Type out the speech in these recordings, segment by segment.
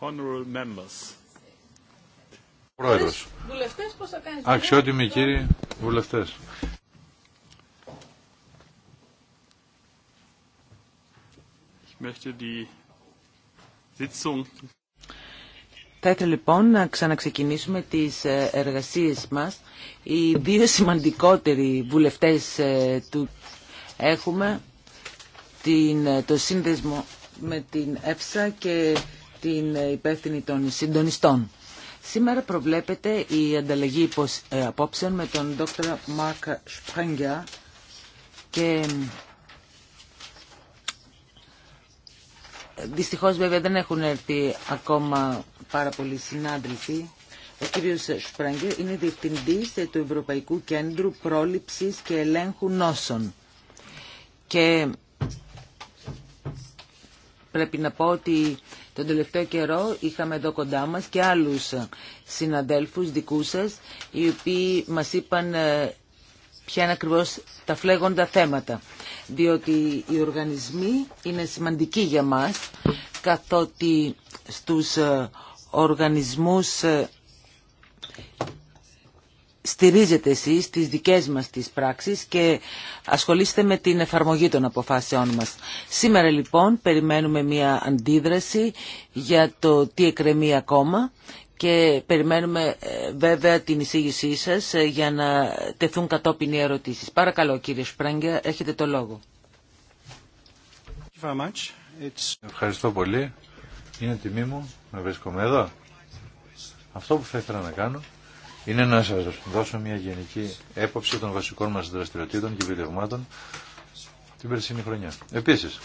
Honorable members. Πρόεδρος. Βουλευτές θα Αξιότιμοι κύριοι βουλευτές. θα ήθελα λοιπόν να ξαναξεκινήσουμε τις ε, εργασίες μας. Οι δύο σημαντικότεροι βουλευτές ε, του έχουμε την, ε, το σύνδεσμο με την ΕΦΣΑ και την υπεύθυνη των συντονιστών. Σήμερα προβλέπεται η ανταλλαγή ε, απόψεων με τον Δ. Μάρκ Σπρέγγια και ε, δυστυχώς βέβαια δεν έχουν έρθει ακόμα πάρα πολλοί συνάδελφοι. Ο κύριος Σπρέγγια είναι διευθυντής του Ευρωπαϊκού Κέντρου Πρόληψης και Ελέγχου Νόσων. Και πρέπει να πω ότι τον τελευταίο καιρό είχαμε εδώ κοντά μας και άλλους συναδέλφους δικούς σας, οι οποίοι μας είπαν ε, ποια είναι ακριβώς τα φλέγοντα θέματα. Διότι οι οργανισμοί είναι σημαντικοί για μας, καθότι στους ε, οργανισμούς ε, στηρίζετε εσείς τις δικές μας τις πράξεις και ασχολείστε με την εφαρμογή των αποφάσεών μας. Σήμερα λοιπόν περιμένουμε μια αντίδραση για το τι εκρεμεί ακόμα και περιμένουμε ε, βέβαια την εισήγησή σας ε, για να τεθούν κατόπιν οι ερωτήσεις. Παρακαλώ κύριε Σπρέγγια, έχετε το λόγο. Ευχαριστώ πολύ. Είναι τιμή μου να βρίσκομαι εδώ. Αυτό που θα ήθελα να κάνω είναι να σας δώσω μια γενική έποψη των βασικών μας δραστηριοτήτων και επιτευγμάτων την περσινή χρονιά. Επίσης,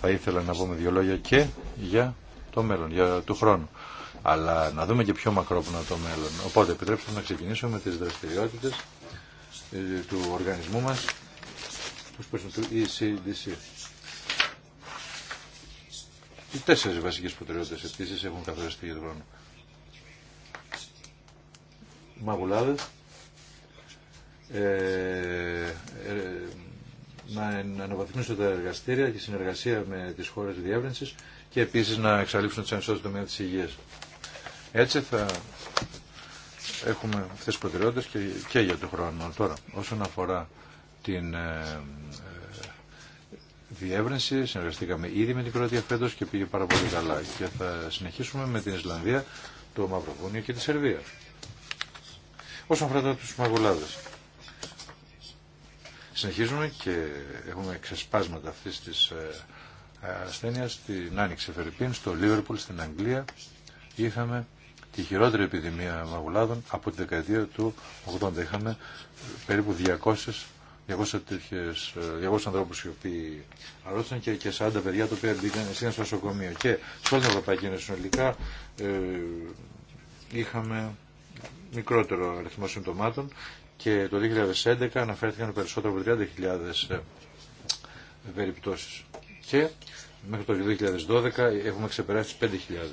θα ήθελα να πούμε δύο λόγια και για το μέλλον, για το χρόνο. Αλλά να δούμε και πιο μακρόπνο το μέλλον. Οπότε επιτρέψτε να ξεκινήσω με τις δραστηριότητες ε, του οργανισμού μας, του ECDC. Οι τέσσερις βασικές προτεραιότητες επίση έχουν καθοριστεί για τον χρόνο ε, ε, να αναβαθμίσουν τα εργαστήρια και συνεργασία με τις χώρες διεύρυνσης και επίσης να εξαλείψουν τις ανισότητες τομέα της υγείας. Έτσι θα έχουμε αυτές τις προτεραιότητες και, και για τον χρόνο. Τώρα, όσον αφορά την ε, ε, διεύρυνση, συνεργαστήκαμε ήδη με την Κροατία φέτος και πήγε πάρα πολύ καλά και θα συνεχίσουμε με την Ισλανδία, το Μαυροβούνιο και τη Σερβία. Όσον αφορά τους μαγουλάδες. Συνεχίζουμε και έχουμε ξεσπάσματα αυτή της ε, ε, ασθένειας στην Άνοιξη Φερρυπίν, στο Λίβερπουλ, στην Αγγλία. Είχαμε τη χειρότερη επιδημία μαγουλάδων από τη δεκαετία του 80. Είχαμε ε, περίπου 200 200, 200 ανθρώπους οι οποίοι αρρώστησαν και, και 40 παιδιά τα οποία μπήκαν στο νοσοκομείο. Και σε όλη την Ευρωπαϊκή συνολικά είχαμε μικρότερο αριθμό συμπτωμάτων και το 2011 αναφέρθηκαν περισσότερο από 30.000 ε, περιπτώσεις. Και μέχρι το 2012 έχουμε ξεπεράσει τις 5.000.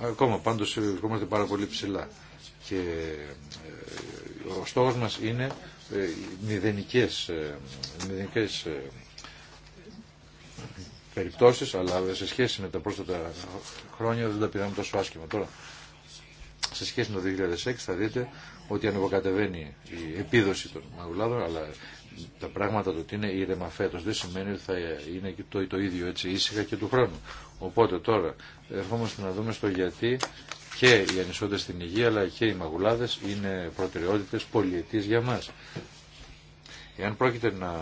Ακόμα πάντως βρισκόμαστε πάρα πολύ ψηλά. Και ε, ο στόχος μας είναι ε, μηδενικές, μηδενικές περιπτώσεις, αλλά σε σχέση με τα πρόσθετα χρόνια δεν τα πήραμε τόσο άσχημα. Τώρα, σε σχέση με το 2006 θα δείτε ότι ανεβοκατεβαίνει η επίδοση των μαγουλάδων, αλλά τα πράγματα του ότι είναι ήρεμα φέτος δεν σημαίνει ότι θα είναι το, το ίδιο έτσι ήσυχα και του χρόνου. Οπότε τώρα ερχόμαστε να δούμε στο γιατί και οι ανισότητε στην υγεία αλλά και οι μαγουλάδες είναι προτεραιότητες πολιετής για μας. Εάν πρόκειται να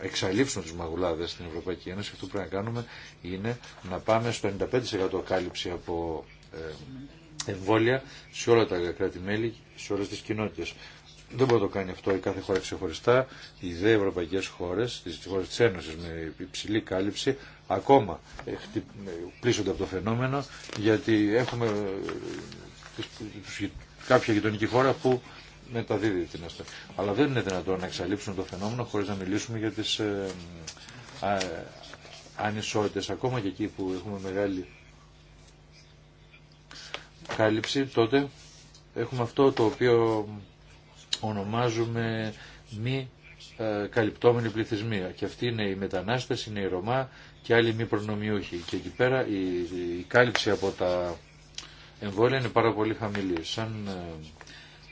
εξαλείψουν τους μαγουλάδες στην Ευρωπαϊκή Ένωση, αυτό που πρέπει να κάνουμε είναι να πάμε στο 95% κάλυψη από ε, εμβόλια σε όλα τα κράτη-μέλη, σε όλες τις κοινότητες. Δεν μπορεί να το κάνει αυτό η κάθε χώρα ξεχωριστά. Οι δε ευρωπαϊκέ χώρε, τι χώρε τη Ένωση με υψηλή κάλυψη, ακόμα ε, ε, πλήσονται από το φαινόμενο γιατί έχουμε ε, κάποια γειτονική χώρα που μεταδίδει την ασθένεια. Αλλά δεν είναι δυνατόν να εξαλείψουμε το φαινόμενο χωρί να μιλήσουμε για τι ανισότητε. Ακόμα και εκεί που έχουμε μεγάλη κάλυψη, τότε έχουμε αυτό το οποίο ονομάζουμε μη ε, καλυπτόμενη πληθυσμία Και αυτή είναι η μετανάστες, είναι η Ρωμά και άλλοι μη προνομιούχοι. Και εκεί πέρα η, η κάλυψη από τα εμβόλια είναι πάρα πολύ χαμηλή. Σαν,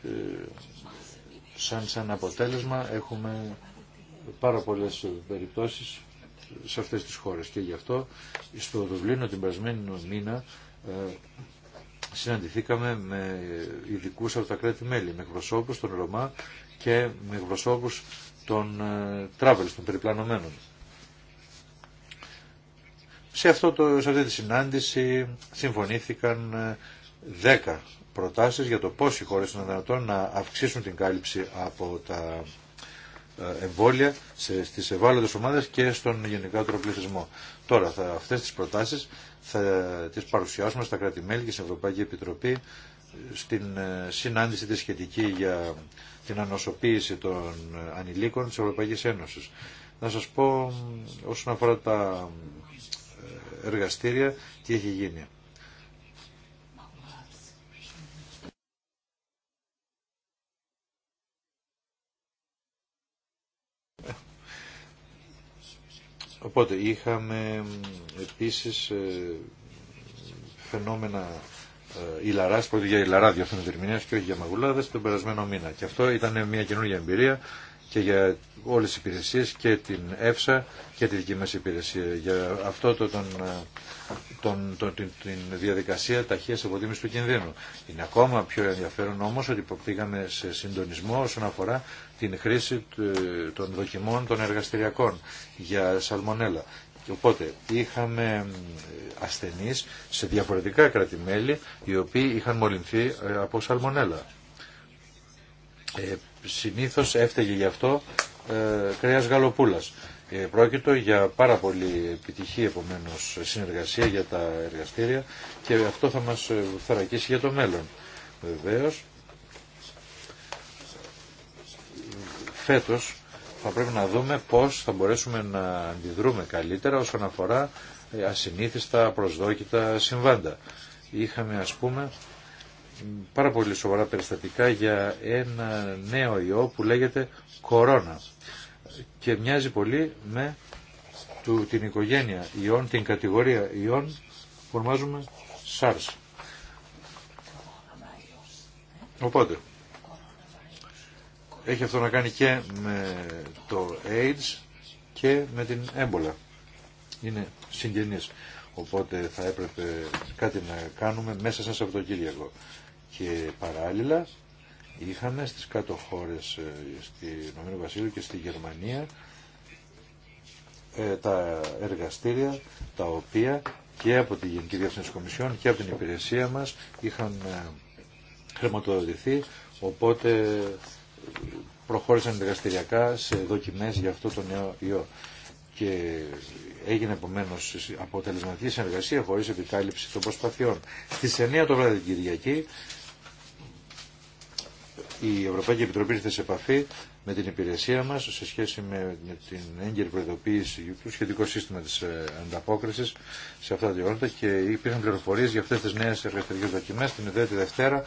ε, ε, σαν, αποτέλεσμα έχουμε πάρα πολλές περιπτώσεις σε αυτές τις χώρες. Και γι' αυτό στο Δουβλίνο την περασμένη μήνα συναντηθήκαμε με ειδικού από τα κράτη-μέλη, με εκπροσώπους των Ρωμά και με εκπροσώπους των τράβελων, των περιπλανωμένων. Σε, αυτό το, σε αυτή τη συνάντηση συμφωνήθηκαν 10 ε, προτάσεις για το πώς οι χώρες είναι δυνατόν να αυξήσουν την κάλυψη από τα ε, εμβόλια σε, στις ευάλωτες ομάδες και στον γενικά τροπληθισμό. Τώρα θα, αυτές τις προτάσεις θα τις παρουσιάσουμε στα κράτη-μέλη και στην Ευρωπαϊκή Επιτροπή στην ε, συνάντηση της σχετική για την ανοσοποίηση των ε, ανηλίκων της Ευρωπαϊκής Ένωσης. Να σας πω όσον αφορά τα ε, εργαστήρια τι έχει γίνει. Οπότε είχαμε επίσης ε, φαινόμενα ε, ηλαράς, πρώτη για ηλαρά διαφθούν και όχι για μαγουλάδες τον περασμένο μήνα. Και αυτό ήταν μια καινούργια εμπειρία και για όλες τις υπηρεσίες και την ΕΦΣΑ και τη δική μας υπηρεσία. Για αυτό το, τον, ε, τον, την, διαδικασία ταχείας αποτίμησης του κινδύνου. Είναι ακόμα πιο ενδιαφέρον όμως ότι πήγαμε σε συντονισμό όσον αφορά την χρήση ε, των δοκιμών των εργαστηριακών για σαλμονέλα. Οπότε είχαμε ε, ασθενείς σε διαφορετικά κρατημέλη οι οποίοι είχαν μολυνθεί από σαλμονέλα ε, συνήθως έφταιγε γι' αυτό ε, κρέας γαλοπούλας. Ε, πρόκειτο για πάρα πολύ επιτυχή επομένως συνεργασία για τα εργαστήρια και αυτό θα μας ε, θωρακίσει για το μέλλον. Βεβαίως, φέτος θα πρέπει να δούμε πώς θα μπορέσουμε να αντιδρούμε καλύτερα όσον αφορά ε, ασυνήθιστα, προσδόκητα συμβάντα. Είχαμε ας πούμε πάρα πολύ σοβαρά περιστατικά για ένα νέο ιό που λέγεται κορώνα και μοιάζει πολύ με του, την οικογένεια ιών, την κατηγορία ιών που ονομάζουμε SARS. Οπότε, έχει αυτό να κάνει και με το AIDS και με την έμπολα. Είναι συγγενείς. Οπότε θα έπρεπε κάτι να κάνουμε μέσα σε το Σαββατοκύριακο. Και παράλληλα είχαμε στις κάτω χώρες, ε, στη Ηνωμένο Βασίλου και στη Γερμανία, ε, τα εργαστήρια τα οποία και από τη Γενική Διεύθυνση Κομισιόν και από την υπηρεσία μας είχαν ε, χρηματοδοτηθεί, οπότε προχώρησαν εργαστηριακά σε δοκιμές για αυτό το νέο ιό. Και έγινε επομένω αποτελεσματική συνεργασία χωρίς επικάλυψη των προσπαθειών. Στις 9 το βράδυ την Κυριακή η Ευρωπαϊκή Επιτροπή ήρθε σε επαφή με την υπηρεσία μας σε σχέση με, την έγκαιρη προειδοποίηση του σχετικού σύστημα της ε, ανταπόκρισης σε αυτά τα γεγονότα και υπήρχαν πληροφορίες για αυτές τις νέες εργαστηρικές δοκιμές. Την ιδέα τη Δευτέρα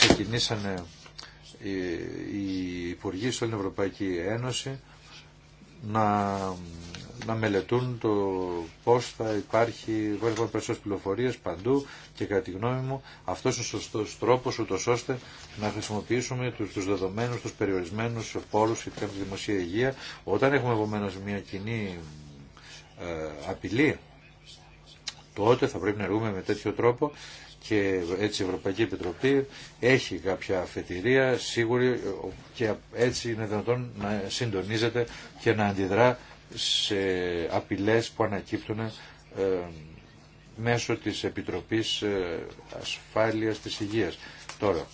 ξεκινήσαν οι, σε όλη στην Ευρωπαϊκή Ένωση να να μελετούν το πώς θα υπάρχει βέβαια περισσότερες πληροφορίες παντού και κατά τη γνώμη μου αυτός είναι ο σωστός τρόπος ούτως ώστε να χρησιμοποιήσουμε τους, δεδομένου, δεδομένους, τους περιορισμένους πόρους σχετικά τη δημοσία υγεία όταν έχουμε επομένω μια κοινή ε, απειλή τότε θα πρέπει να εργούμε με τέτοιο τρόπο και έτσι η Ευρωπαϊκή Επιτροπή έχει κάποια αφετηρία σίγουρη ε, και έτσι είναι δυνατόν να συντονίζεται και να αντιδρά σε απειλές που ανακύπτουν ε, μέσω της Επιτροπής ε, Ασφάλειας της Υγείας. Τώρα,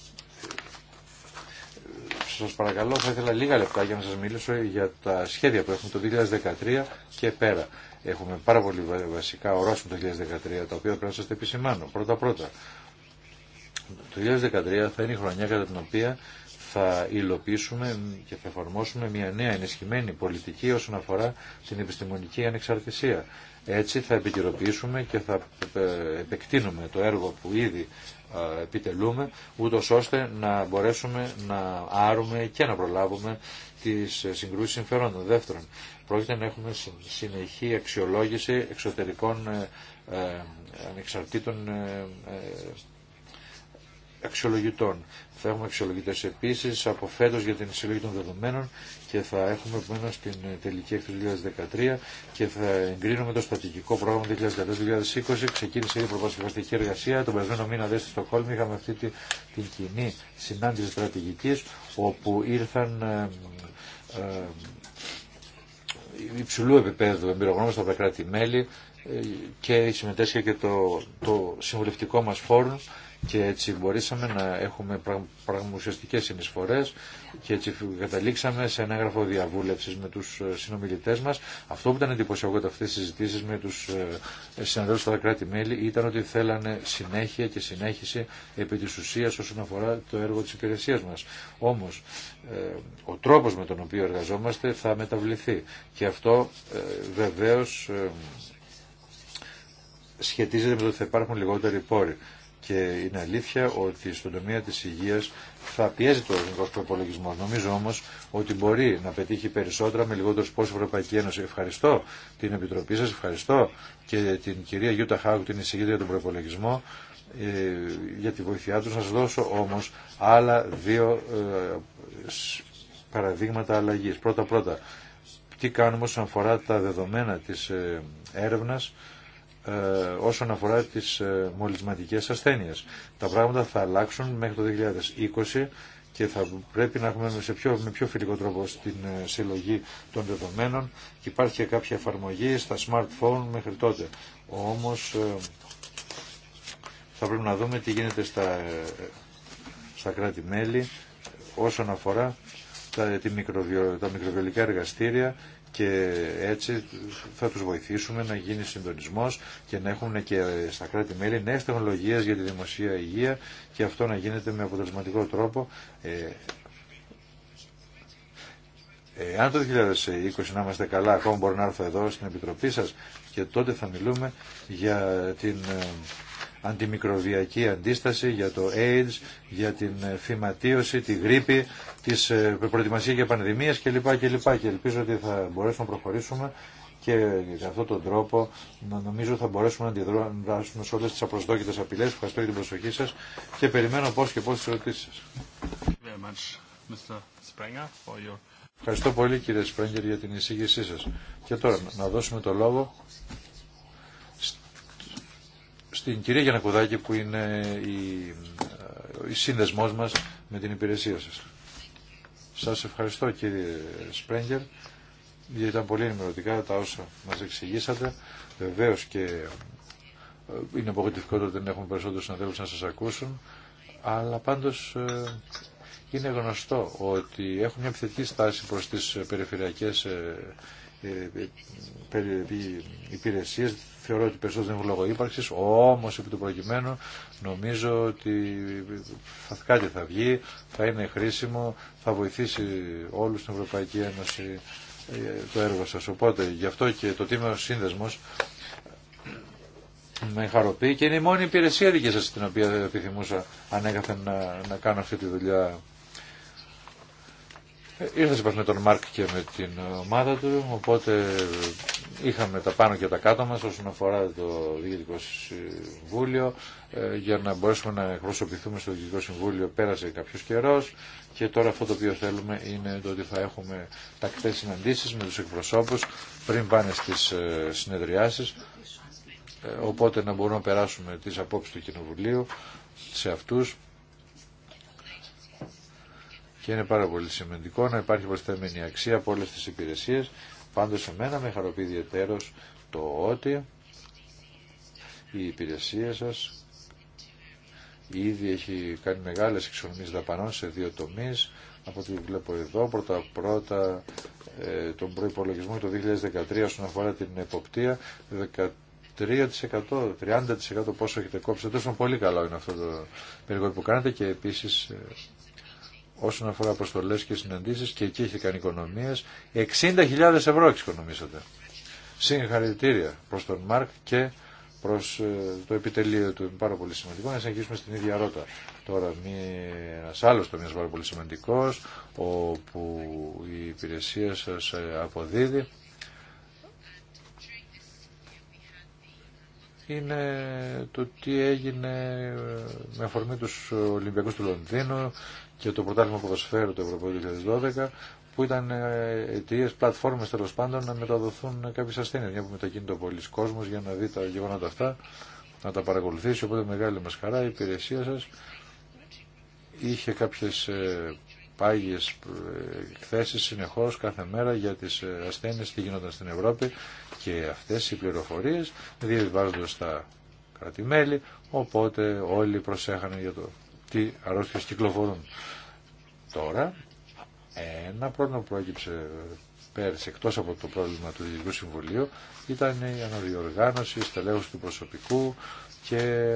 σας παρακαλώ, θα ήθελα λίγα λεπτά για να σας μιλήσω για τα σχέδια που έχουμε το 2013 και πέρα. Έχουμε πάρα πολύ βασικά ορόσημα το 2013, τα οποία πρέπει να σας επισημάνω. Πρώτα-πρώτα, το 2013 θα είναι η χρονιά κατά την οποία θα υλοποιήσουμε και θα εφαρμόσουμε μια νέα ενισχυμένη πολιτική όσον αφορά την επιστημονική ανεξαρτησία. Έτσι θα επικυροποιήσουμε και θα ε, επεκτείνουμε το έργο που ήδη ε, επιτελούμε, ούτω ώστε να μπορέσουμε να άρουμε και να προλάβουμε τις συγκρούσεις συμφερόντων. Δεύτερον, πρόκειται να έχουμε συνεχή αξιολόγηση εξωτερικών ε, ανεξαρτήτων αξιολογητών. Θα έχουμε αξιολογητέ επίση από φέτο για την συλλογή των δεδομένων και θα έχουμε επομένω την ε, τελική έκθεση του 2013 και θα εγκρίνουμε το στρατηγικό προγραμμα πρόγραμμα 2014-2020. Ξεκίνησε η προπαρασκευαστική εργασία. Τον περασμένο μήνα δε στη Στοκόλμη είχαμε αυτή τη, την κοινή συνάντηση στρατηγική όπου ήρθαν ε, ε, υψηλού επίπεδου εμπειρογνώμες από τα κράτη-μέλη ε, και συμμετέσχε και το, το συμβουλευτικό μας φόρουμ και έτσι μπορέσαμε να έχουμε πραγματικές συνεισφορές και έτσι καταλήξαμε σε ένα έγγραφο διαβούλευσης με τους ε, συνομιλητές μας. Αυτό που ήταν εντυπωσιακό από αυτές τις συζητήσεις με τους ε, συναδέλφους στα κράτη-μέλη ήταν ότι θέλανε συνέχεια και συνέχιση επί της ουσίας όσον αφορά το έργο της υπηρεσίας μας. Όμως, ε, ο τρόπος με τον οποίο εργαζόμαστε θα μεταβληθεί και αυτό βεβαίως σχετίζεται με το ότι θα υπάρχουν λιγότεροι πόροι και είναι αλήθεια ότι στον τομέα της υγείας θα πιέζει το ελληνικό προπολογισμό. Νομίζω όμως ότι μπορεί να πετύχει περισσότερα με λιγότερο πόσο Ευρωπαϊκή Ένωση. Ευχαριστώ την Επιτροπή σας, ευχαριστώ και την κυρία Γιούτα Χάου, την εισηγήτρια για τον προπολογισμό ε, για τη βοήθειά τους. Να σας δώσω όμως άλλα δύο ε, παραδείγματα αλλαγής. Πρώτα-πρώτα, τι κάνουμε όσον αφορά τα δεδομένα της ε, έρευνας ε, όσον αφορά τις ε, μολυσματικές ασθένειες. Τα πράγματα θα αλλάξουν μέχρι το 2020 και θα πρέπει να έχουμε σε πιο, με πιο φιλικό τρόπο στην ε, συλλογή των δεδομένων και υπάρχει και κάποια εφαρμογή στα smartphone μέχρι τότε. Όμως θα πρέπει να δούμε τι γίνεται στα, στα κράτη-μέλη όσον αφορά τα, τη μικροβιο, τα μικροβιολικά εργαστήρια και έτσι θα τους βοηθήσουμε να γίνει συντονισμός και να έχουν και στα κράτη-μέλη νέες τεχνολογίες για τη δημοσία υγεία και αυτό να γίνεται με αποτελεσματικό τρόπο ε, ε, αν το 2020 να είμαστε καλά, ακόμα μπορώ να έρθω εδώ στην Επιτροπή σας και τότε θα μιλούμε για την ε, αντιμικροβιακή αντίσταση, για το AIDS, για την ε, φυματίωση, τη γρήπη, τις ε, προετοιμασία για πανδημίες κλπ. κλπ. Και ελπίζω ότι θα μπορέσουμε να προχωρήσουμε και με αυτόν τον τρόπο να νομίζω θα μπορέσουμε να αντιδράσουμε σε όλες τις απροσδόκητες απειλές. Ευχαριστώ για την προσοχή σας και περιμένω πώς και πώς τις ερωτήσεις σας. Ευχαριστώ πολύ κύριε Σπρέγκερ για την εισήγησή σας. Και τώρα να δώσουμε το λόγο στην κυρία Γιανακουδάκη που είναι η, ε, η σύνδεσμός μας με την υπηρεσία σας. Σας ευχαριστώ κύριε Σπρέγγερ γιατί ήταν πολύ ενημερωτικά τα όσα μας εξηγήσατε. Βεβαίως και ε, είναι απογοητευτικό ότι δεν έχουμε περισσότερους συναδέλφους να σας ακούσουν αλλά πάντως ε, είναι γνωστό ότι έχουν μια επιθετική στάση προς τις περιφερειακές ε, ε, ε, υπηρεσίες. Θεωρώ ότι περισσότερο δεν έχουν λόγο ύπαρξης, όμως επί του προκειμένου νομίζω ότι κάτι θα βγει, θα είναι χρήσιμο, θα βοηθήσει όλους στην Ευρωπαϊκή Ένωση το έργο σας. Οπότε γι' αυτό και το τίμιο σύνδεσμος με χαροποιεί και είναι η μόνη υπηρεσία δική σας την οποία επιθυμούσα ανέκαθεν να, να κάνω αυτή τη δουλειά Ήρθε σε επαφή με τον Μάρκ και με την ομάδα του, οπότε είχαμε τα πάνω και τα κάτω μας όσον αφορά το Διοικητικό Συμβούλιο ε, για να μπορέσουμε να εκπροσωπηθούμε στο Διοικητικό Συμβούλιο πέρασε κάποιος καιρός και τώρα αυτό το οποίο θέλουμε είναι το ότι θα έχουμε τακτές συναντήσεις με τους εκπροσώπους πριν πάνε στις ε, συνεδριάσεις ε, οπότε να μπορούμε να περάσουμε τις απόψεις του Κοινοβουλίου σε αυτούς και είναι πάρα πολύ σημαντικό να υπάρχει προσθέμενη αξία από όλες τις υπηρεσίες. Πάντως εμένα με χαροποιεί ιδιαίτερος το ότι η υπηρεσία σας ήδη έχει κάνει μεγάλες εξορμίες δαπανών σε δύο τομείς. Από ό,τι βλέπω εδώ, πρώτα-πρώτα ε, τον προϋπολογισμό του 2013 όσον αφορά την εποπτεία, 13% 30% πόσο έχετε κόψει. Τόσο πολύ καλό είναι αυτό το που κάνετε και επίσης ε, όσον αφορά αποστολές και συναντήσεις και εκεί είχε κάνει οικονομίες. 60.000 ευρώ εξοικονομήσατε. Συγχαρητήρια προς τον Μάρκ και προς ε, το επιτελείο του. Είναι πάρα πολύ σημαντικό να συνεχίσουμε στην ίδια ρότα. Τώρα ένα άλλο τομέα πάρα πολύ σημαντικός όπου η υπηρεσία σας ε, αποδίδει είναι το τι έγινε με αφορμή τους Ολυμπιακούς του Λονδίνου και το πρωτάθλημα ποδοσφαίρου του Ευρωπαϊκού 2012 που ήταν ε, αιτίε, πλατφόρμες τέλο πάντων να μεταδοθούν κάποιες ασθένειε. Μια που μετακίνητο ο κόσμος για να δει τα γεγονότα αυτά, να τα παρακολουθήσει. Οπότε μεγάλη μα χαρά η υπηρεσία σας. είχε κάποιε ε, πάγιες ε, εκθέσεις συνεχώς κάθε μέρα για τις ε, ασθένειες τι γίνονταν στην Ευρώπη και αυτές οι πληροφορίες διαβιβάζονται στα κρατη οπότε όλοι προσέχανε για το τι αρρώστιες κυκλοφορούν. Τώρα ένα πρόβλημα που πρόκειψε πέρυσι εκτός από το πρόβλημα του Διευθυντικού Συμβουλίου ήταν η αναδιοργάνωση, η στελέχωση του προσωπικού και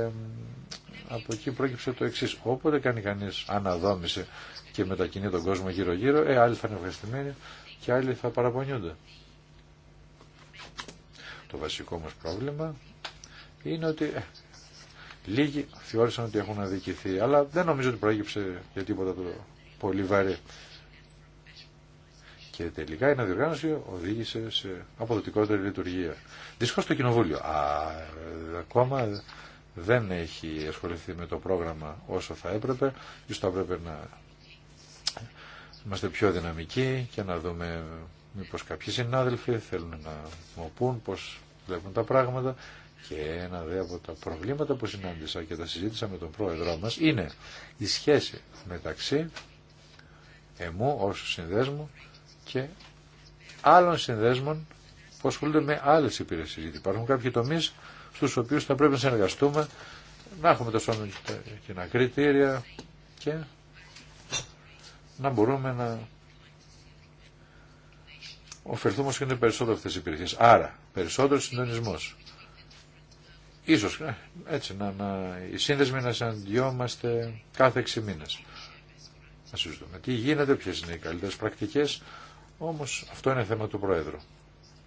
από εκεί πρόκειψε το εξή. Όποτε κάνει κανεί αναδόμηση και μετακινεί τον κόσμο γύρω-γύρω, ε, άλλοι θα είναι ευχαριστημένοι και άλλοι θα παραπονιούνται. Το βασικό μας πρόβλημα είναι ότι ε, λίγοι θεώρησαν ότι έχουν αδικηθεί, αλλά δεν νομίζω ότι προέκυψε για τίποτα το πολύ βαρύ. Και τελικά η αναδιοργάνωση οδήγησε σε αποδοτικότερη λειτουργία. Δυστυχώ το Κοινοβούλιο α, ακόμα δεν έχει ασχοληθεί με το πρόγραμμα όσο θα έπρεπε, ίσως θα έπρεπε να είμαστε πιο δυναμικοί και να δούμε μήπως κάποιοι συνάδελφοι θέλουν να μου πούν πώς βλέπουν τα πράγματα και ένα δε από τα προβλήματα που συνάντησα και τα συζήτησα με τον πρόεδρό μας είναι η σχέση μεταξύ εμού ως συνδέσμου και άλλων συνδέσμων που ασχολούνται με άλλες υπηρεσίες. Γιατί υπάρχουν κάποιοι τομείς στους οποίους θα πρέπει να συνεργαστούμε, να έχουμε τόσο κοινά κριτήρια και να μπορούμε να ωφελθούμε όσο είναι περισσότερο αυτές οι υπηρεσίες. Άρα, περισσότερο συντονισμός. Ίσως, ε, έτσι, να, να, οι σύνδεσμοι να συναντιόμαστε κάθε 6 μήνες. Να συζητούμε τι γίνεται, ποιες είναι οι καλύτερε πρακτικές, όμως αυτό είναι θέμα του Προέδρου.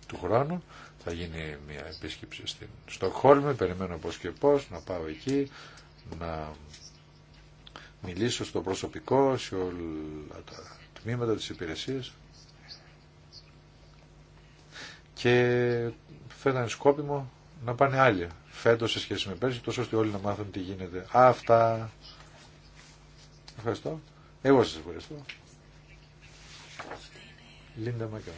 Του χρόνου θα γίνει μια επίσκεψη στην Στοκχόλμη, περιμένω πώς και πώς, να πάω εκεί, να μιλήσω στο προσωπικό, σε όλα τα τμήματα της υπηρεσίας και θα σκόπιμο να πάνε άλλοι φέτος σε σχέση με πέρσι, τόσο ώστε όλοι να μάθουν τι γίνεται. Αυτά. Ευχαριστώ. Εγώ σας ευχαριστώ. Λίντα Μακάου.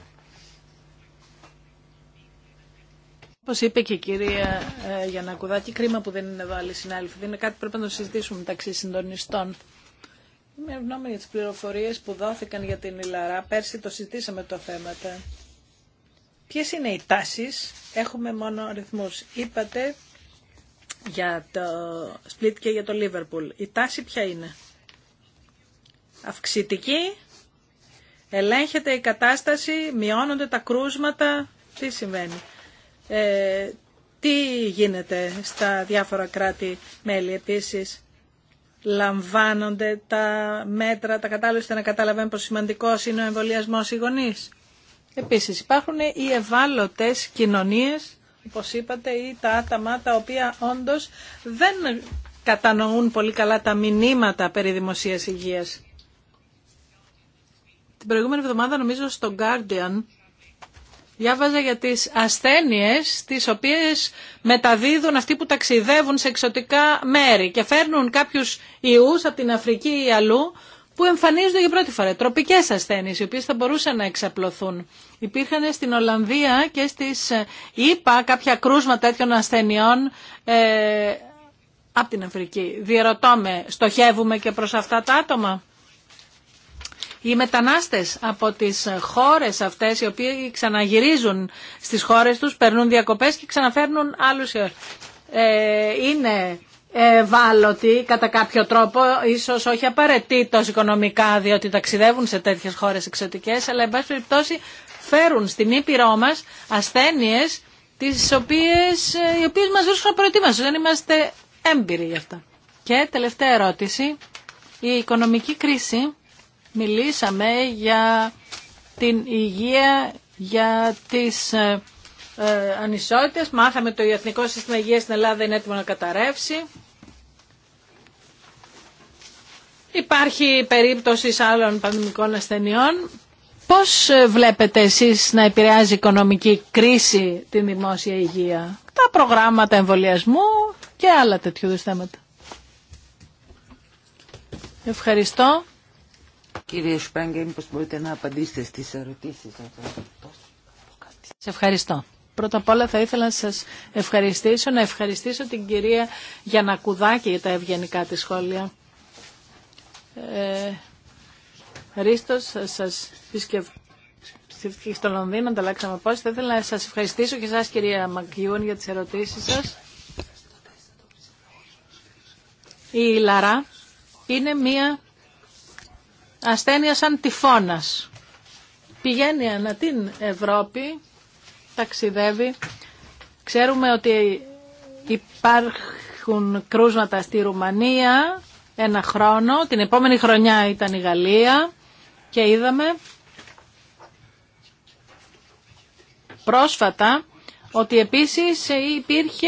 Όπω είπε και η κυρία ε, Γιανακουδάκη, κρίμα που δεν είναι εδώ άλλοι συνάδελφοι. Δεν είναι κάτι που πρέπει να το συζητήσουμε μεταξύ συντονιστών. Είμαι ευγνώμη για τι πληροφορίε που δόθηκαν για την Ιλαρά. Πέρσι το συζητήσαμε το θέμα. Ποιε είναι οι τάσει, έχουμε μόνο αριθμού. Είπατε για το Split και για το Liverpool. Η τάση ποια είναι. Αυξητική, ελέγχεται η κατάσταση, μειώνονται τα κρούσματα. Τι συμβαίνει. Ε, τι γίνεται στα διάφορα κράτη-μέλη. Επίσης, λαμβάνονται τα μέτρα, τα κατάλληλα να καταλαβαίνουν πως σημαντικός είναι ο εμβολιασμός οι γονείς. Επίσης, υπάρχουν οι ευάλωτες κοινωνίες, όπως είπατε, ή τα άταμα τα οποία όντως δεν κατανοούν πολύ καλά τα μηνύματα περί δημοσίας υγείας. Την προηγούμενη εβδομάδα, νομίζω, στο Guardian, διάβαζα για τις ασθένειες τις οποίες μεταδίδουν αυτοί που ταξιδεύουν σε εξωτικά μέρη και φέρνουν κάποιους ιούς από την Αφρική ή αλλού που εμφανίζονται για πρώτη φορά. Τροπικές ασθένειες οι οποίες θα μπορούσαν να εξαπλωθούν. Υπήρχαν στην Ολλανδία και στις ΙΠΑ ε, κάποια κρούσματα τέτοιων ασθενειών ε, από την Αφρική. Διερωτώ με, στοχεύουμε και προς αυτά τα άτομα οι μετανάστες από τις χώρες αυτές οι οποίοι ξαναγυρίζουν στις χώρες τους, περνούν διακοπές και ξαναφέρνουν άλλους. Ε, είναι ευάλωτοι κατά κάποιο τρόπο, ίσως όχι απαραίτητο οικονομικά διότι ταξιδεύουν σε τέτοιες χώρες εξωτικές, αλλά εν πάση περιπτώσει φέρουν στην Ήπειρό μας ασθένειες τις οποίες, ε, οι οποίες μας βρίσκουν απροετοίμαστος, δεν είμαστε έμπειροι γι' αυτά. Και τελευταία ερώτηση, η οικονομική κρίση μιλήσαμε για την υγεία, για τις ε, ε ανισότητες. Μάθαμε το Εθνικό Σύστημα Υγείας στην Ελλάδα είναι έτοιμο να καταρρεύσει. Υπάρχει περίπτωση άλλων πανδημικών ασθενειών. Πώς βλέπετε εσείς να επηρεάζει η οικονομική κρίση την δημόσια υγεία, τα προγράμματα εμβολιασμού και άλλα τέτοιου θέματα. Ευχαριστώ. Κύριε Σπράγγελ, μήπως μπορείτε να απαντήσετε στις ερωτήσεις. Σε ευχαριστώ. Πρώτα απ' όλα θα ήθελα να σας ευχαριστήσω, να ευχαριστήσω την κυρία Γιανακουδάκη για τα ευγενικά της σχόλια. Ε, Χρήστος, σας στο Λονδίνο, ανταλλάξαμε πώς. Θα ήθελα να σας ευχαριστήσω και εσάς κυρία Μακιούν για τις ερωτήσεις σας. Η Λαρά είναι μία ασθένεια σαν τυφώνας. Πηγαίνει ανά την Ευρώπη, ταξιδεύει. Ξέρουμε ότι υπάρχουν κρούσματα στη Ρουμανία ένα χρόνο. Την επόμενη χρονιά ήταν η Γαλλία και είδαμε πρόσφατα ότι επίσης υπήρχε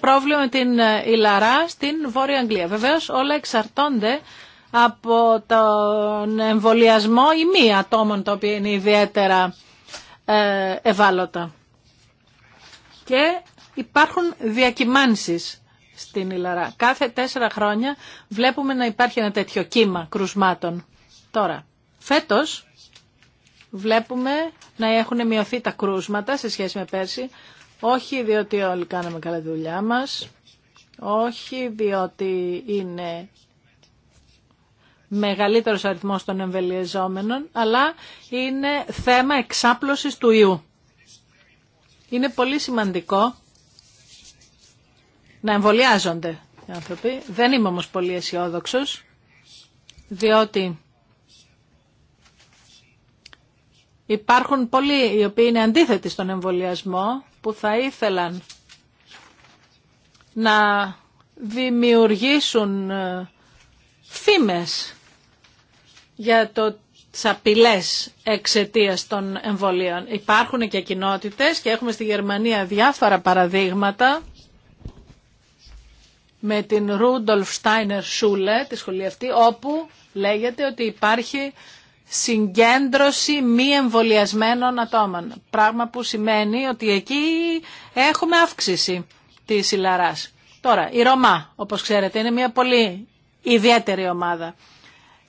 πρόβλημα με την Ιλαρά στην Βόρεια Αγγλία. Βεβαίως όλα εξαρτώνται από τον εμβολιασμό ή μη ατόμων τα οποία είναι ιδιαίτερα ε, ευάλωτα. Και υπάρχουν διακυμάνσεις στην Ιλαρά. Κάθε τέσσερα χρόνια βλέπουμε να υπάρχει ένα τέτοιο κύμα κρουσμάτων. Τώρα, φέτος βλέπουμε να έχουν μειωθεί τα κρούσματα σε σχέση με πέρσι. Όχι διότι όλοι κάναμε καλά δουλειά μας, όχι διότι είναι Μεγαλύτερο αριθμό των εμβελιαζόμενων, αλλά είναι θέμα εξάπλωσης του ιού. Είναι πολύ σημαντικό να εμβολιάζονται οι άνθρωποι. Δεν είμαι όμως πολύ αισιόδοξο, διότι υπάρχουν πολλοί οι οποίοι είναι αντίθετοι στον εμβολιασμό που θα ήθελαν να δημιουργήσουν ε, φήμες για το τις απειλές των εμβολίων. Υπάρχουν και κοινότητε και έχουμε στη Γερμανία διάφορα παραδείγματα με την Ρούντολφ Steiner Σούλε, τη σχολή αυτή, όπου λέγεται ότι υπάρχει συγκέντρωση μη εμβολιασμένων ατόμων. Πράγμα που σημαίνει ότι εκεί έχουμε αύξηση τη ηλαράς. Τώρα, η Ρωμά, όπως ξέρετε, είναι μια πολύ ιδιαίτερη ομάδα.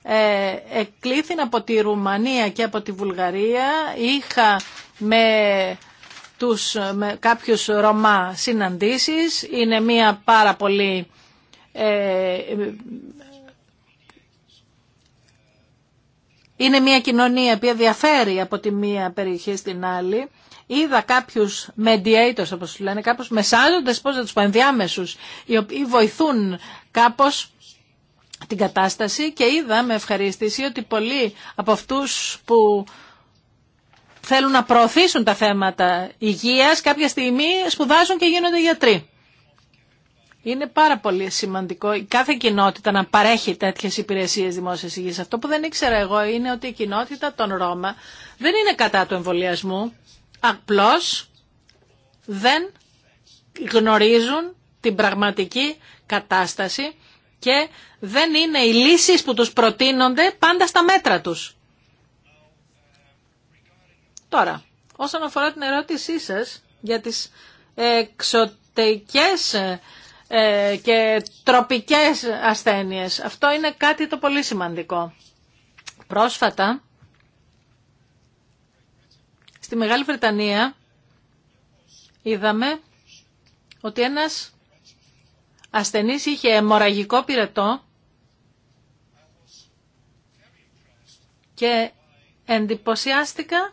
Ε, εκλήθην από τη Ρουμανία και από τη Βουλγαρία. Είχα με τους κάποιους Ρωμά συναντήσεις. Είναι μια πάρα πολύ ε, είναι μια κοινωνία που διαφέρει από τη μία περιοχή στην άλλη. Είδα κάποιους mediators όπω λένε, κάποιους μεσάζοντες, πώς να τους πω, οι οποίοι βοηθούν κάπω την κατάσταση και είδα με ευχαρίστηση ότι πολλοί από αυτούς που θέλουν να προωθήσουν τα θέματα υγείας κάποια στιγμή σπουδάζουν και γίνονται γιατροί. Είναι πάρα πολύ σημαντικό η κάθε κοινότητα να παρέχει τέτοιε υπηρεσίε δημόσια υγεία. Αυτό που δεν ήξερα εγώ είναι ότι η κοινότητα των Ρώμα δεν είναι κατά του εμβολιασμού. Απλώ δεν γνωρίζουν την πραγματική κατάσταση και δεν είναι οι λύσεις που τους προτείνονται πάντα στα μέτρα τους. Τώρα, όσον αφορά την ερώτησή σας για τις εξωτικές ε, και τροπικές ασθένειες, αυτό είναι κάτι το πολύ σημαντικό. Πρόσφατα, στη Μεγάλη Βρετανία είδαμε ότι ένας ασθενής είχε αιμορραγικό πυρετό και εντυπωσιάστηκα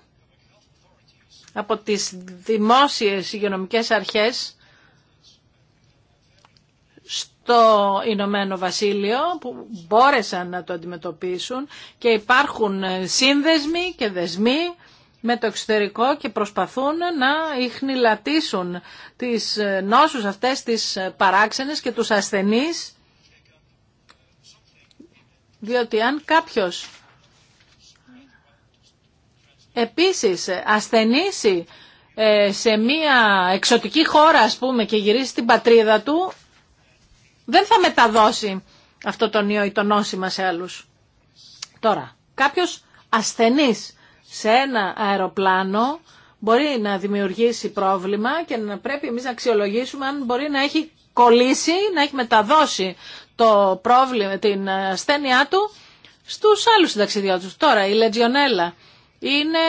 από τις δημόσιες υγειονομικές αρχές στο Ηνωμένο Βασίλειο που μπόρεσαν να το αντιμετωπίσουν και υπάρχουν σύνδεσμοι και δεσμοί με το εξωτερικό και προσπαθούν να ιχνηλατήσουν τις ε, νόσους αυτές τις ε, παράξενες και τους ασθενείς διότι αν κάποιος επίσης ασθενήσει ε, σε μια εξωτική χώρα ας πούμε και γυρίσει στην πατρίδα του δεν θα μεταδώσει αυτό το νιό ή το νόσημα σε άλλους. Τώρα, κάποιος ασθενής σε ένα αεροπλάνο μπορεί να δημιουργήσει πρόβλημα και να πρέπει εμείς να αξιολογήσουμε αν μπορεί να έχει κολλήσει, να έχει μεταδώσει το πρόβλημα, την ασθένειά του στους άλλους συνταξιδιώτες. Τώρα η Λετζιονέλα είναι,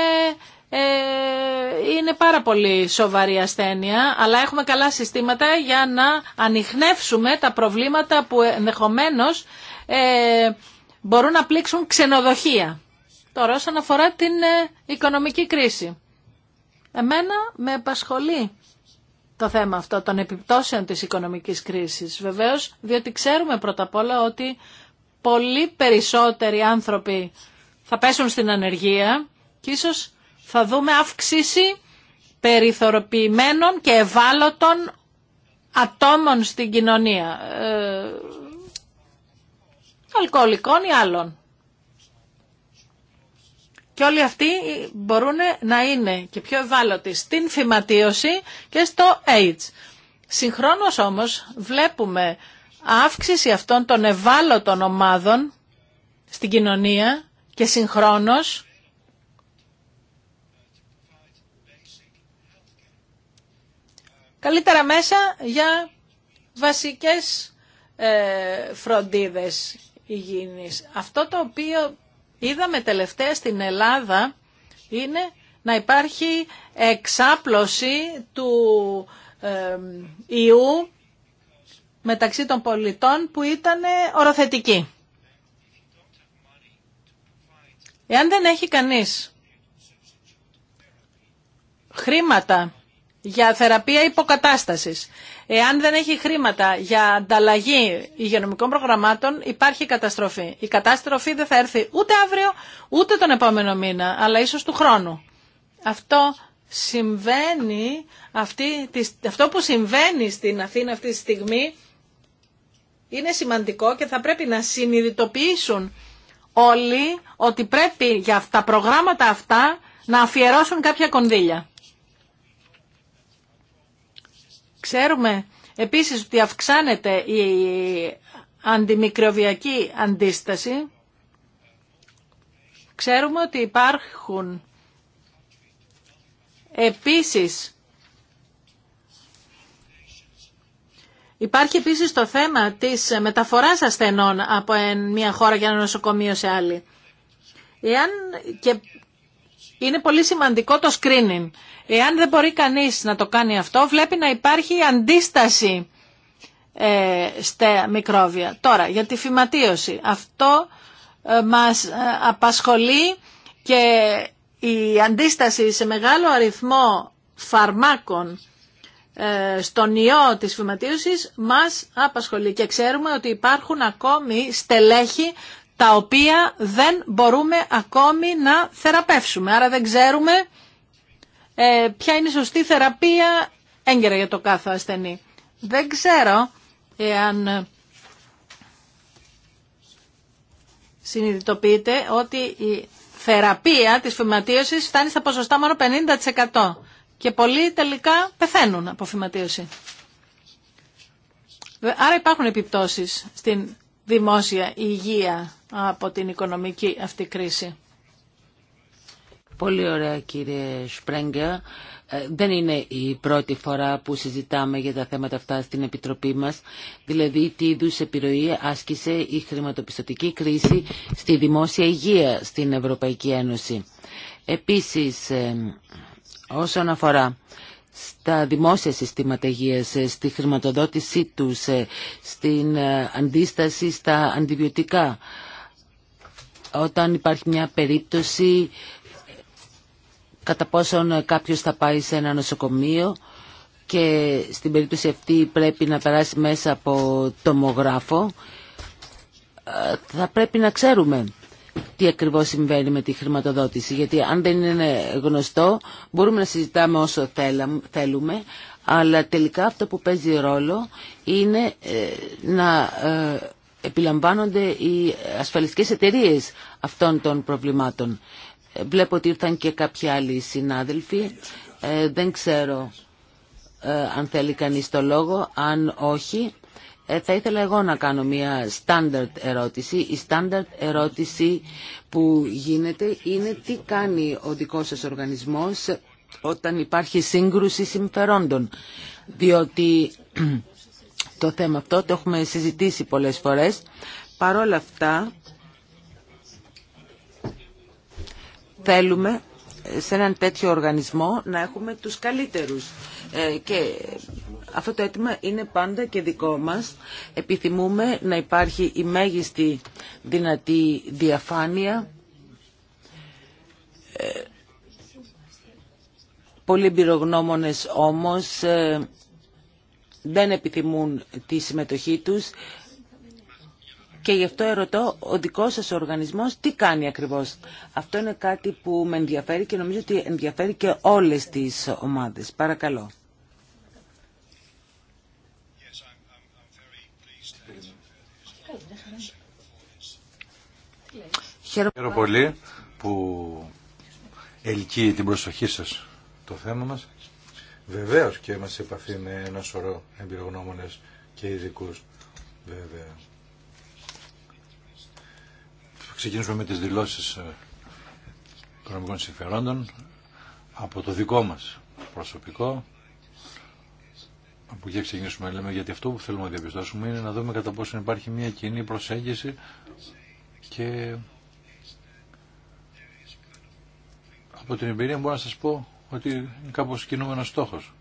ε, είναι πάρα πολύ σοβαρή ασθένεια, αλλά έχουμε καλά συστήματα για να ανοιχνεύσουμε τα προβλήματα που ενδεχομένως ε, μπορούν να πλήξουν ξενοδοχεία. Τώρα, όσον αφορά την ε, οικονομική κρίση. Εμένα με επασχολεί το θέμα αυτό των επιπτώσεων της οικονομικής κρίσης. Βεβαίως, διότι ξέρουμε πρώτα απ' όλα ότι πολύ περισσότεροι άνθρωποι θα πέσουν στην ανεργία και ίσως θα δούμε αύξηση περιθωροποιημένων και ευάλωτων ατόμων στην κοινωνία. Ε, αλκοολικών ή άλλων. Και όλοι αυτοί μπορούν να είναι και πιο ευάλωτοι στην φυματίωση και στο AIDS. Συγχρόνως όμως βλέπουμε αύξηση αυτών των ευάλωτων ομάδων στην κοινωνία και συγχρόνως καλύτερα μέσα για βασικές ε, φροντίδες υγιεινής. Αυτό το οποίο είδαμε τελευταία στην Ελλάδα είναι να υπάρχει εξάπλωση του ε, ιού μεταξύ των πολιτών που ήταν οροθετική. Εάν δεν έχει κανείς χρήματα για θεραπεία υποκατάστασης. Εάν δεν έχει χρήματα για ανταλλαγή υγειονομικών προγραμμάτων, υπάρχει καταστροφή. Η καταστροφή δεν θα έρθει ούτε αύριο, ούτε τον επόμενο μήνα, αλλά ίσως του χρόνου. Αυτό συμβαίνει, αυτή, αυτό που συμβαίνει στην Αθήνα αυτή τη στιγμή είναι σημαντικό και θα πρέπει να συνειδητοποιήσουν όλοι ότι πρέπει για τα προγράμματα αυτά να αφιερώσουν κάποια κονδύλια. Ξέρουμε επίσης ότι αυξάνεται η αντιμικροβιακή αντίσταση. Ξέρουμε ότι υπάρχουν επίσης Υπάρχει επίσης το θέμα της μεταφοράς ασθενών από μια χώρα για ένα νοσοκομείο σε άλλη. Εάν και είναι πολύ σημαντικό το screening. Εάν δεν μπορεί κανείς να το κάνει αυτό, βλέπει να υπάρχει αντίσταση ε, στα μικρόβια. Τώρα, για τη φυματίωση. Αυτό ε, μας ε, απασχολεί και η αντίσταση σε μεγάλο αριθμό φαρμάκων ε, στον ιό της φυματίωσης μας απασχολεί και ξέρουμε ότι υπάρχουν ακόμη στελέχη τα οποία δεν μπορούμε ακόμη να θεραπεύσουμε. Άρα δεν ξέρουμε ε, ποια είναι η σωστή θεραπεία έγκαιρα για το κάθε ασθενή. Δεν ξέρω εάν συνειδητοποιείτε ότι η θεραπεία της φυματίωσης φτάνει στα ποσοστά μόνο 50% και πολλοί τελικά πεθαίνουν από φυματίωση. Άρα υπάρχουν επιπτώσεις στην δημόσια υγεία από την οικονομική αυτή κρίση. Πολύ ωραία κύριε Σπρέγκερ. Ε, δεν είναι η πρώτη φορά που συζητάμε για τα θέματα αυτά στην Επιτροπή μας, δηλαδή τι είδου επιρροή άσκησε η χρηματοπιστωτική κρίση στη δημόσια υγεία στην Ευρωπαϊκή Ένωση. Επίσης, ε, όσον αφορά στα δημόσια συστήματα υγείας, ε, στη χρηματοδότησή τους, ε, στην ε, αντίσταση στα αντιβιωτικά. Όταν υπάρχει μια περίπτωση κατά πόσον κάποιος θα πάει σε ένα νοσοκομείο και στην περίπτωση αυτή πρέπει να περάσει μέσα από τομογράφο, θα πρέπει να ξέρουμε τι ακριβώς συμβαίνει με τη χρηματοδότηση. Γιατί αν δεν είναι γνωστό μπορούμε να συζητάμε όσο θέλουμε, αλλά τελικά αυτό που παίζει ρόλο είναι ε, να ε, επιλαμβάνονται οι ασφαλιστικές εταιρείες αυτών των προβλημάτων. Βλέπω ότι ήρθαν και κάποιοι άλλοι συνάδελφοι. Ε, δεν ξέρω αν θέλει κανείς το λόγο. Αν όχι, ε, θα ήθελα εγώ να κάνω μια στάνταρτ ερώτηση. Η στάνταρτ ερώτηση που γίνεται είναι τι κάνει ο δικός σας οργανισμός όταν υπάρχει σύγκρουση συμφερόντων. Διότι το θέμα αυτό το έχουμε συζητήσει πολλές φορές. Παρόλα αυτά θέλουμε σε έναν τέτοιο οργανισμό να έχουμε τους καλύτερους. Ε, και αυτό το αίτημα είναι πάντα και δικό μας. Επιθυμούμε να υπάρχει η μέγιστη δυνατή διαφάνεια. Ε, πολλοί εμπειρογνώμονες όμως ε, δεν επιθυμούν τη συμμετοχή τους και γι' αυτό ερωτώ ο δικός σας οργανισμός τι κάνει ακριβώς. Αυτό είναι κάτι που με ενδιαφέρει και νομίζω ότι ενδιαφέρει και όλες τις ομάδες. Παρακαλώ. Χαίρομαι πολύ που ελκύει την προσοχή σας το θέμα μας. Βεβαίως και είμαστε σε επαφή με ένα σωρό εμπειρογνώμονες και ειδικού. Βέβαια. Ξεκινήσουμε με τις δηλώσεις ε, οικονομικών συμφερόντων από το δικό μας προσωπικό. Από εκεί ξεκινήσουμε λέμε γιατί αυτό που θέλουμε να διαπιστώσουμε είναι να δούμε κατά πόσο υπάρχει μια κοινή προσέγγιση και από την εμπειρία μπορώ να σας πω ότι είναι κάπως κινούμενος στόχος.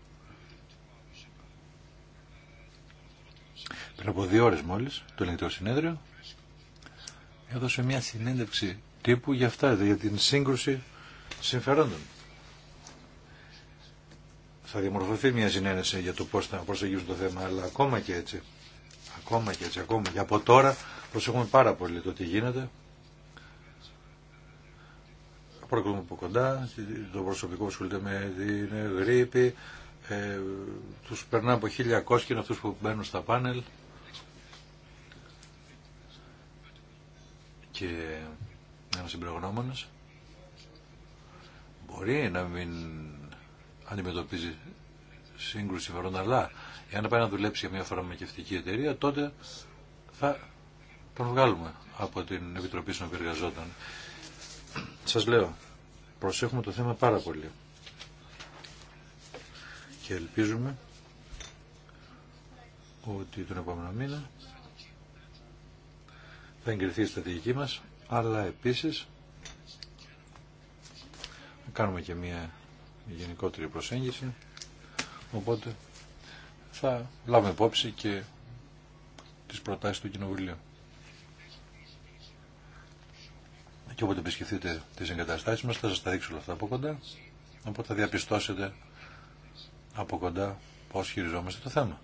Πριν από δύο ώρες μόλις, το ελληνικό συνέδριο έδωσε μια συνέντευξη τύπου για αυτά, για την σύγκρουση συμφερόντων. Θα διαμορφωθεί μια συνένεση για το πώς θα προσεγγίσουν το θέμα, αλλά ακόμα και έτσι, ακόμα και έτσι, ακόμα και από τώρα προσέχουμε πάρα πολύ το τι γίνεται προκλούμε από κοντά, το προσωπικό που ασχολείται με την γρήπη, ε, τους περνά από χίλια κόσκινα αυτούς που μπαίνουν στα πάνελ και ένας συμπρογνώμονας μπορεί να μην αντιμετωπίζει σύγκρουση φορών αλλά εάν πάει να δουλέψει για μια φαρμακευτική εταιρεία, τότε θα τον βγάλουμε από την Επιτροπή Συνοπεργαζόταν. Σας λέω, προσέχουμε το θέμα πάρα πολύ. Και ελπίζουμε ότι τον επόμενο μήνα θα εγκριθεί η στρατηγική μας, αλλά επίσης θα κάνουμε και μια γενικότερη προσέγγιση, οπότε θα λάβουμε υπόψη και τις προτάσεις του Κοινοβουλίου. και όποτε επισκεφτείτε τις εγκαταστάσεις μας θα σας τα δείξω όλα αυτά από κοντά οπότε θα διαπιστώσετε από κοντά πώς χειριζόμαστε το θέμα.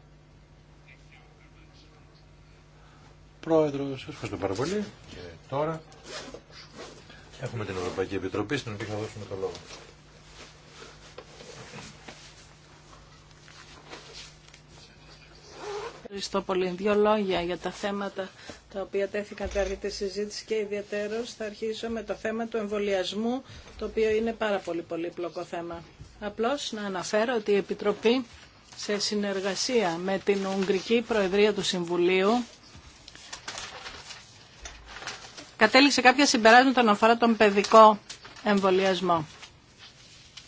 Πρόεδρο, σα ευχαριστώ πάρα πολύ και τώρα έχουμε την Ευρωπαϊκή Επιτροπή στην οποία θα δώσουμε το λόγο. Ευχαριστώ πολύ. Δύο λόγια για τα θέματα τα οποία τέθηκαν κατά τη συζήτηση και ιδιαίτερω θα αρχίσω με το θέμα του εμβολιασμού, το οποίο είναι πάρα πολύ πολύπλοκο θέμα. Απλώ να αναφέρω ότι η Επιτροπή σε συνεργασία με την Ουγγρική Προεδρία του Συμβουλίου κατέληξε κάποια συμπεράσματα να αφορά τον παιδικό εμβολιασμό.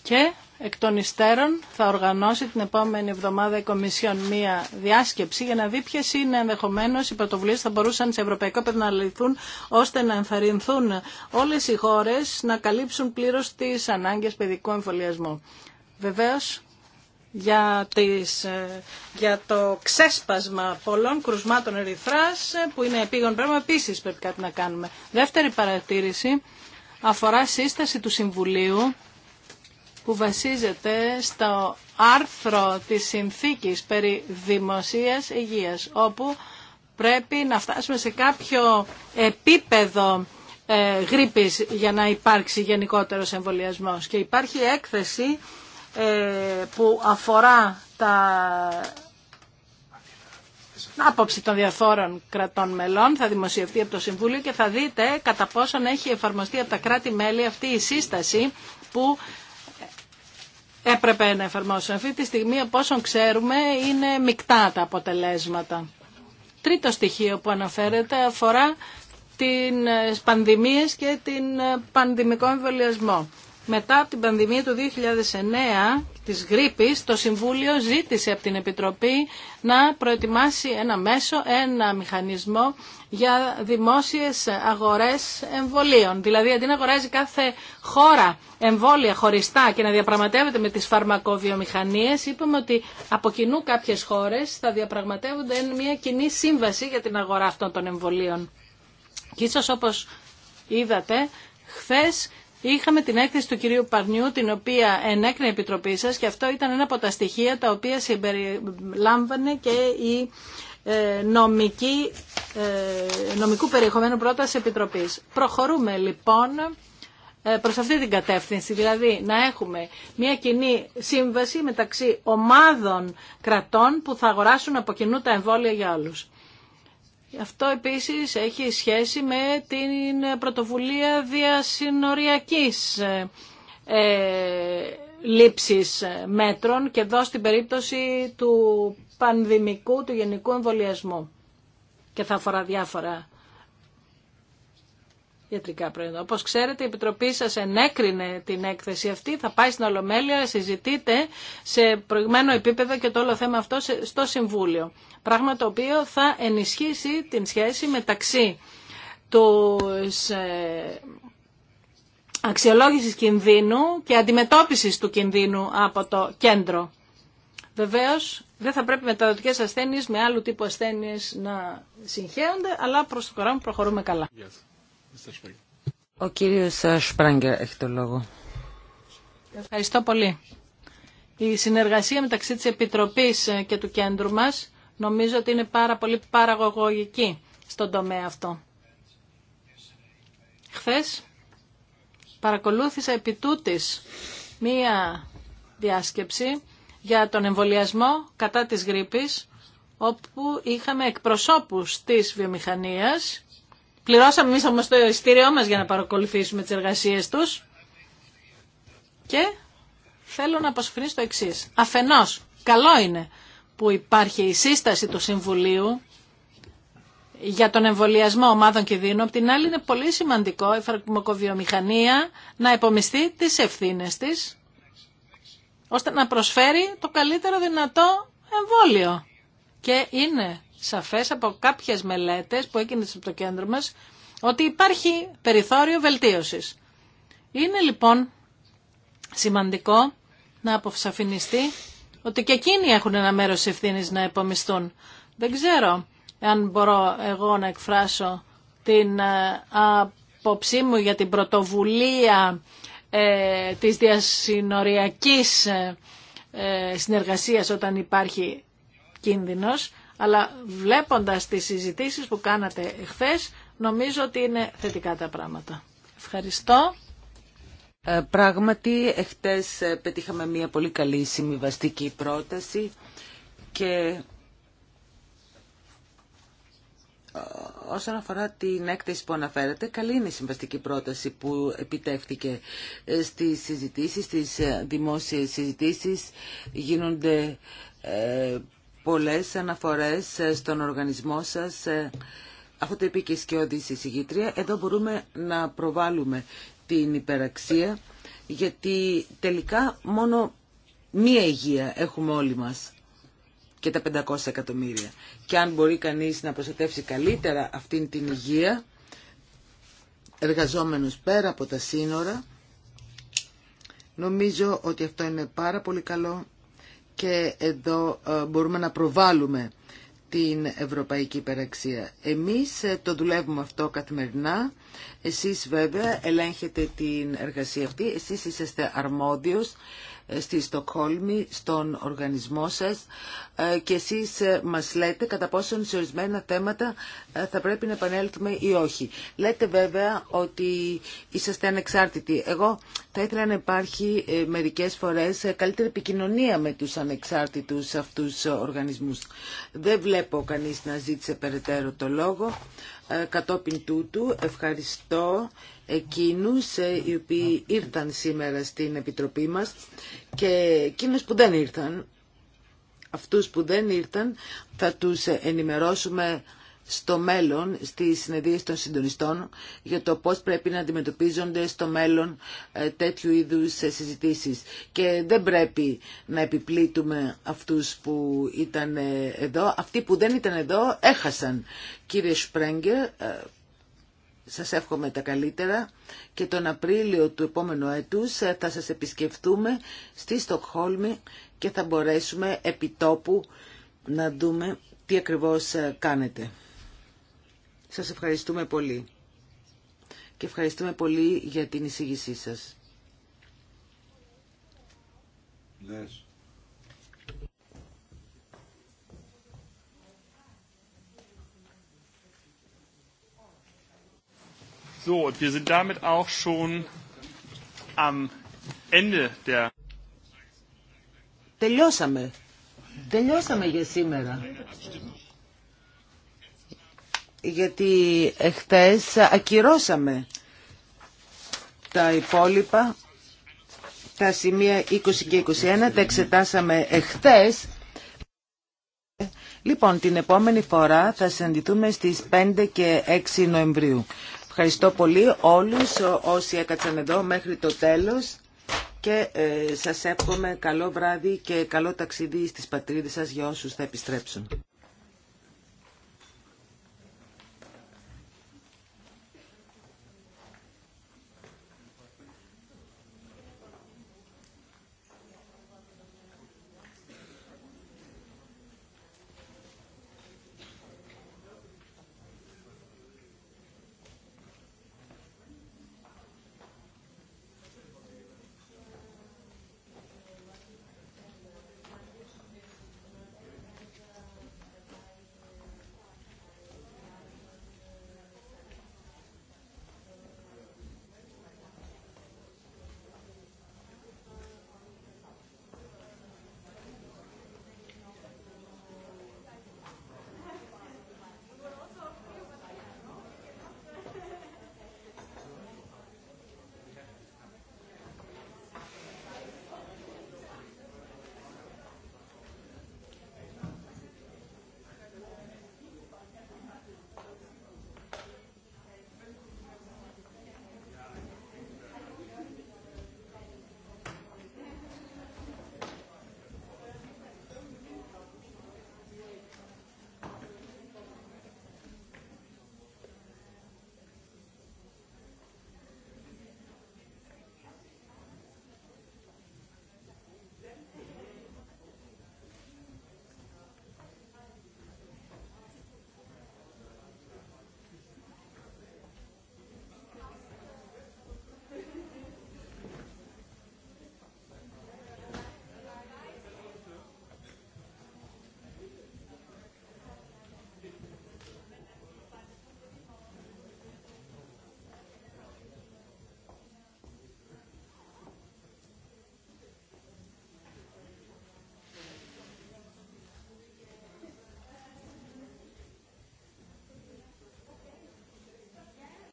Και εκ των υστέρων θα οργανώσει την επόμενη εβδομάδα η Κομισιόν μία διάσκεψη για να δει ποιε είναι ενδεχομένω οι πρωτοβουλίε που θα μπορούσαν σε ευρωπαϊκό επίπεδο να λυθούν ώστε να ενθαρρυνθούν όλε οι χώρε να καλύψουν πλήρω τι ανάγκε παιδικού εμβολιασμού. Βεβαίω, για, τις, ε, για το ξέσπασμα πολλών κρουσμάτων ερυθράς ε, που είναι επίγον πράγμα επίσης πρέπει κάτι να κάνουμε. Δεύτερη παρατήρηση αφορά σύσταση του Συμβουλίου που βασίζεται στο άρθρο της συνθήκης περί δημοσίας υγείας, όπου πρέπει να φτάσουμε σε κάποιο επίπεδο ε, για να υπάρξει γενικότερος εμβολιασμός. Και υπάρχει έκθεση ε, που αφορά τα άποψη των διαφόρων κρατών μελών, θα δημοσιευτεί από το Συμβούλιο και θα δείτε κατά πόσον έχει εφαρμοστεί από τα κράτη-μέλη αυτή η σύσταση που έπρεπε να εφαρμόσουν. Αυτή τη στιγμή, από όσων ξέρουμε, είναι μεικτά τα αποτελέσματα. Τρίτο στοιχείο που αναφέρεται αφορά την πανδημίες και την πανδημικό εμβολιασμό μετά από την πανδημία του 2009 της γρήπης, το Συμβούλιο ζήτησε από την Επιτροπή να προετοιμάσει ένα μέσο, ένα μηχανισμό για δημόσιες αγορές εμβολίων. Δηλαδή, αντί να αγοράζει κάθε χώρα εμβόλια χωριστά και να διαπραγματεύεται με τις φαρμακοβιομηχανίες, είπαμε ότι από κοινού κάποιες χώρες θα διαπραγματεύονται μια κοινή σύμβαση για την αγορά αυτών των εμβολίων. Και ίσως όπως είδατε, χθες Είχαμε την έκθεση του κυρίου Παρνιού, την οποία ενέκρινε η Επιτροπή σας και αυτό ήταν ένα από τα στοιχεία τα οποία συμπεριλάμβανε και η ε, νομική, ε, νομικού περιεχομένου πρόταση Επιτροπής. Προχωρούμε λοιπόν ε, προς αυτή την κατεύθυνση, δηλαδή να έχουμε μια κοινή σύμβαση μεταξύ ομάδων κρατών που θα αγοράσουν από κοινού τα εμβόλια για όλους. Αυτό επίσης έχει σχέση με την πρωτοβουλία διασυνοριακής ε, λήψης μέτρων και εδώ στην περίπτωση του πανδημικού, του γενικού εμβολιασμού και θα αφορά διάφορα ιατρικά προϊόντα. Όπως ξέρετε η Επιτροπή σα ενέκρινε την έκθεση αυτή, θα πάει στην Ολομέλεια, συζητείτε σε προηγμένο επίπεδο και το όλο θέμα αυτό στο Συμβούλιο. Πράγμα το οποίο θα ενισχύσει την σχέση μεταξύ του ε, αξιολόγηση κινδύνου και αντιμετώπιση του κινδύνου από το κέντρο. Βεβαίω, δεν θα πρέπει μεταδοτικέ ασθένειε με άλλου τύπου ασθένειε να συγχέονται, αλλά προ το μου προχωρούμε καλά. Ο κύριος Σπράγκερ έχει το λόγο. Ευχαριστώ πολύ. Η συνεργασία μεταξύ της Επιτροπής και του κέντρου μας νομίζω ότι είναι πάρα πολύ παραγωγική στον τομέα αυτό. Χθες παρακολούθησα επί μία διάσκεψη για τον εμβολιασμό κατά της γρήπης, όπου είχαμε εκπροσώπους της βιομηχανίας Πληρώσαμε εμείς όμως το ειστήριό μας για να παρακολουθήσουμε τις εργασίες τους. Και θέλω να αποσφυρίσω το εξή. Αφενός, καλό είναι που υπάρχει η σύσταση του Συμβουλίου για τον εμβολιασμό ομάδων κινδύνου. Απ' την άλλη είναι πολύ σημαντικό η φαρμακοβιομηχανία να επομιστεί τις ευθύνε τη, ώστε να προσφέρει το καλύτερο δυνατό εμβόλιο. Και είναι σαφές από κάποιες μελέτες που έγινε από το κέντρο μας ότι υπάρχει περιθώριο βελτίωσης. Είναι λοιπόν σημαντικό να αποσαφινιστεί ότι και εκείνοι έχουν ένα μέρος ευθύνης να επομιστούν. Δεν ξέρω αν μπορώ εγώ να εκφράσω την απόψή ε, μου για την πρωτοβουλία ε, της διασυνοριακής ε, ε, συνεργασίας όταν υπάρχει κίνδυνος αλλά βλέποντας τις συζητήσεις που κάνατε χθες, νομίζω ότι είναι θετικά τα πράγματα. Ευχαριστώ. Ε, πράγματι, εχθές ε, πετύχαμε μια πολύ καλή συμβιβαστική πρόταση και ε, όσον αφορά την έκθεση που αναφέρατε, καλή είναι η συμβαστική πρόταση που επιτεύχθηκε στις συζητήσεις, στις δημόσιες συζητήσεις γίνονται πολλές αναφορές ε, στον οργανισμό σας. Ε, αφού το είπε και η Σκιώδη Εδώ μπορούμε να προβάλλουμε την υπεραξία, γιατί τελικά μόνο μία υγεία έχουμε όλοι μας και τα 500 εκατομμύρια. Και αν μπορεί κανείς να προστατεύσει καλύτερα αυτήν την υγεία, εργαζόμενος πέρα από τα σύνορα, νομίζω ότι αυτό είναι πάρα πολύ καλό και εδώ ε, μπορούμε να προβάλλουμε την ευρωπαϊκή υπεραξία. Εμείς ε, το δουλεύουμε αυτό καθημερινά. Εσείς βέβαια ελέγχετε την εργασία αυτή. Εσείς είσαστε αρμόδιος στη Στοκχόλμη, στον οργανισμό σας ε, και εσείς ε, μας λέτε κατά πόσον σε ορισμένα θέματα ε, θα πρέπει να επανέλθουμε ή όχι. Λέτε βέβαια ότι είσαστε ανεξάρτητοι. Εγώ θα ήθελα να υπάρχει μερικές φορές καλύτερη επικοινωνία με τους ανεξάρτητους αυτούς οργανισμούς. Δεν βλέπω κανείς να ζήτησε περαιτέρω το λόγο. Κατόπιν τούτου ευχαριστώ εκείνους ε, οι οποίοι ήρθαν σήμερα στην Επιτροπή μας και εκείνους που δεν ήρθαν, αυτούς που δεν ήρθαν θα τους ενημερώσουμε στο μέλλον, στις συνεδρίες των συντονιστών, για το πώς πρέπει να αντιμετωπίζονται στο μέλλον ε, τέτοιου είδους ε, συζητήσεις. Και δεν πρέπει να επιπλήττουμε αυτούς που ήταν εδώ. Αυτοί που δεν ήταν εδώ έχασαν. Κύριε Σπρέγκερ, σας εύχομαι τα καλύτερα και τον Απρίλιο του επόμενου έτους θα σας επισκεφτούμε στη Στοκχόλμη και θα μπορέσουμε επιτόπου να δούμε τι ακριβώς κάνετε. Σας ευχαριστούμε πολύ και ευχαριστούμε πολύ για την εισήγησή σας. So, und wir sind damit auch schon am Ende der... Τελειώσαμε. Τελειώσαμε για σήμερα. Γιατί εχθές ακυρώσαμε τα υπόλοιπα, τα σημεία 20 και 21, τα εξετάσαμε εχθές. Λοιπόν, την επόμενη φορά θα συναντηθούμε στις 5 και 6 Νοεμβρίου. Ευχαριστώ πολύ όλους όσοι έκατσαν εδώ μέχρι το τέλος και ε, σας εύχομαι καλό βράδυ και καλό ταξίδι στις πατρίδες σας για όσους θα επιστρέψουν.